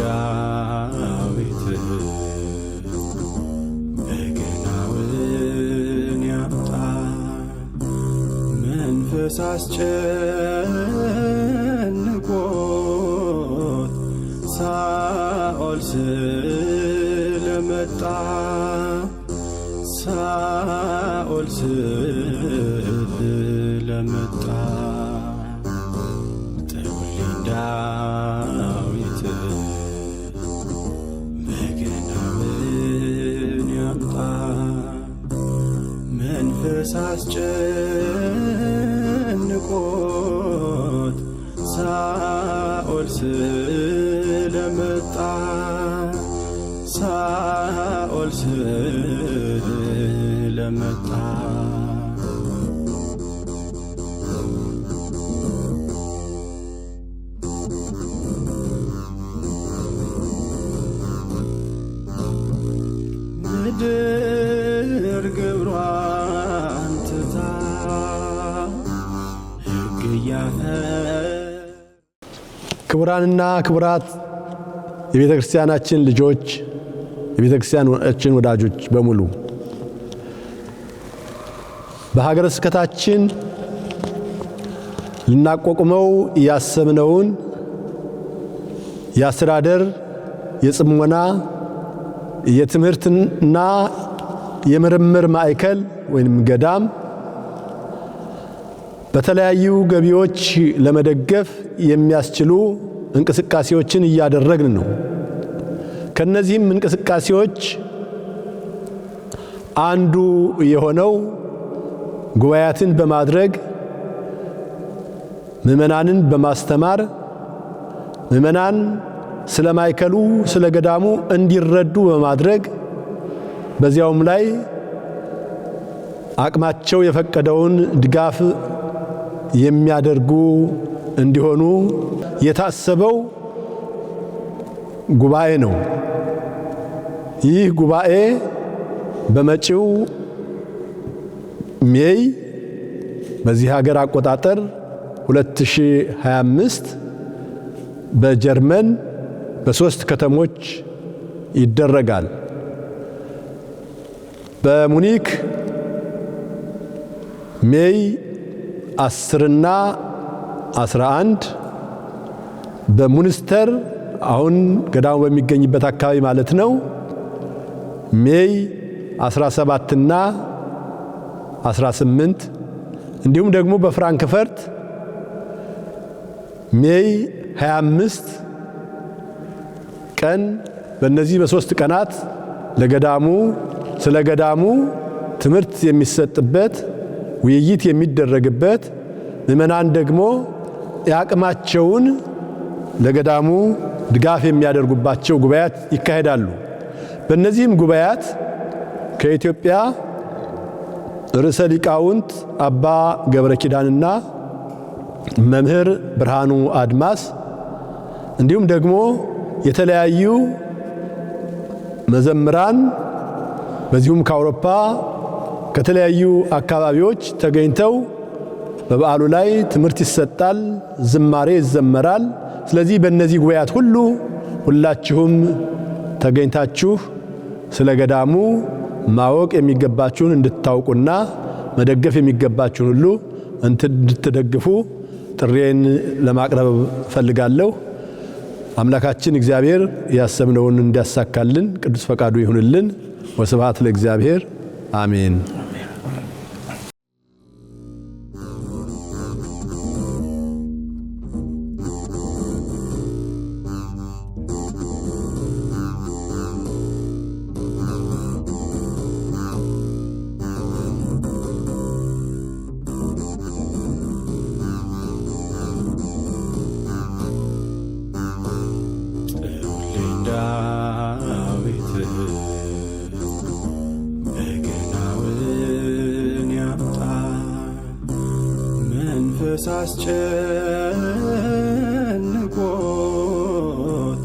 ዳዊት በገናውን ያምጣ መንፈስ አስጨንቆት ሳኦል ስለመጣ ሳኦል ስለመጣ ሳስጨንቆት ሳኦል ስለመጣ ሳኦል ስለመጣ ክቡራንና ክቡራት የቤተ ክርስቲያናችን ልጆች፣ የቤተ ክርስቲያናችን ወዳጆች በሙሉ በሀገረ ስብከታችን ልናቋቁመው እያሰብነውን የአስተዳደር የጽሞና የትምህርትና የምርምር ማዕከል ወይም ገዳም በተለያዩ ገቢዎች ለመደገፍ የሚያስችሉ እንቅስቃሴዎችን እያደረግን ነው። ከነዚህም እንቅስቃሴዎች አንዱ የሆነው ጉባኤያትን በማድረግ ምዕመናንን በማስተማር ምዕመናን ስለ ማይከሉ ስለ ገዳሙ እንዲረዱ በማድረግ በዚያውም ላይ አቅማቸው የፈቀደውን ድጋፍ የሚያደርጉ እንዲሆኑ የታሰበው ጉባኤ ነው። ይህ ጉባኤ በመጪው ሜይ በዚህ ሀገር አቆጣጠር 2025 በጀርመን በሶስት ከተሞች ይደረጋል። በሙኒክ ሜይ አስርና አስራ አንድ በሙንስተር አሁን ገዳሙ በሚገኝበት አካባቢ ማለት ነው። ሜይ 17ና 18 እንዲሁም ደግሞ በፍራንክፈርት ሜይ 25 ቀን በእነዚህ በሶስት ቀናት ለገዳሙ ስለ ገዳሙ ትምህርት የሚሰጥበት ውይይት የሚደረግበት ምእመናን ደግሞ የአቅማቸውን ለገዳሙ ድጋፍ የሚያደርጉባቸው ጉባኤያት ይካሄዳሉ። በእነዚህም ጉባኤያት ከኢትዮጵያ ርዕሰ ሊቃውንት አባ ገብረ ኪዳንና መምህር ብርሃኑ አድማስ እንዲሁም ደግሞ የተለያዩ መዘምራን በዚሁም ከአውሮፓ ከተለያዩ አካባቢዎች ተገኝተው በበዓሉ ላይ ትምህርት ይሰጣል፣ ዝማሬ ይዘመራል። ስለዚህ በእነዚህ ጉባኤያት ሁሉ ሁላችሁም ተገኝታችሁ ስለ ገዳሙ ማወቅ የሚገባችሁን እንድታውቁና መደገፍ የሚገባችሁን ሁሉ እንድትደግፉ ጥሬን ለማቅረብ ፈልጋለሁ አምላካችን እግዚአብሔር ያሰብነውን እንዲያሳካልን ቅዱስ ፈቃዱ ይሁንልን። ወስብሐት ለእግዚአብሔር አሜን። ዳዊት በገናውን ያምጣ መንፈስ አስጨንቆት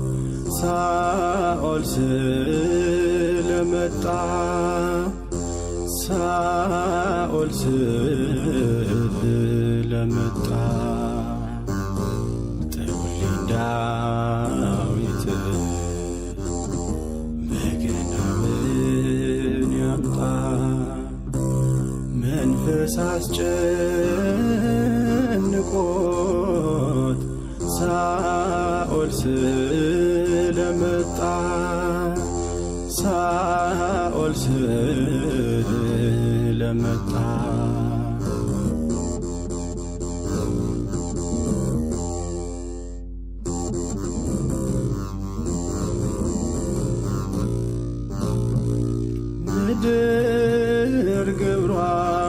ሳኦል ስለመጣ ሳኦል ስለመጣ ጥሩልኝ ሳስጨንቆት ሳኦል ስለመጣ ሳኦል ስለመጣ ምድር ግብሯ